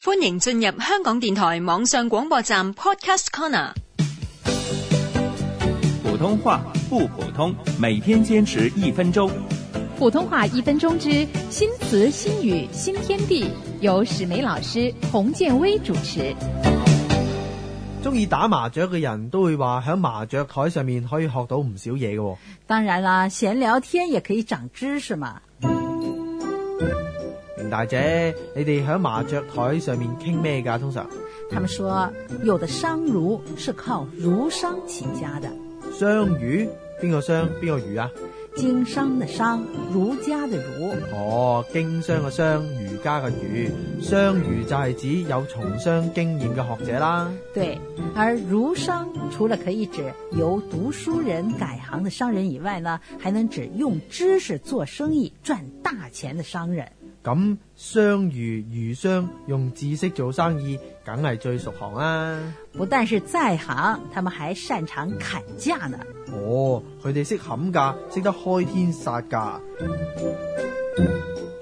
歡迎進入香港電台網上廣播站 Podcast Corner。普通話不普通，每天堅持一分鐘。普通話一分鐘之新詞新語新天地，由史梅老師、洪建威主持。鍾意打麻雀嘅人都會話，喺麻雀台上面可以學到唔少嘢嘅。當然啦，閒聊天也可以長知識嘛。大姐，你哋喺麻雀台上面傾咩㗎？通常，他們說，有的商儒是靠儒商起家的。商儒，邊個商？邊個儒啊？經商的商，儒家的儒。哦，經商嘅商，儒家嘅儒。商儒就係指有從商經驗嘅學者啦。對，而儒商除了可以指由讀書人改行的商人以外呢，還能指用知識做生意賺大錢的商人。咁商如如商，用知識做生意，梗係最熟行啦，啊。不但是在行，他們還擅長砍價呢。哦，佢哋識砍價，識得開天殺價。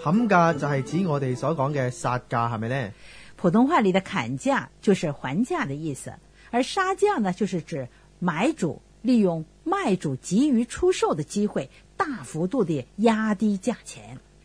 砍價就係指我哋所講嘅殺價，係咪呢？普通話裏的砍價就是還價的意思，而殺價呢，就是指買主利用賣主急於出售的機會，大幅度地壓低價錢。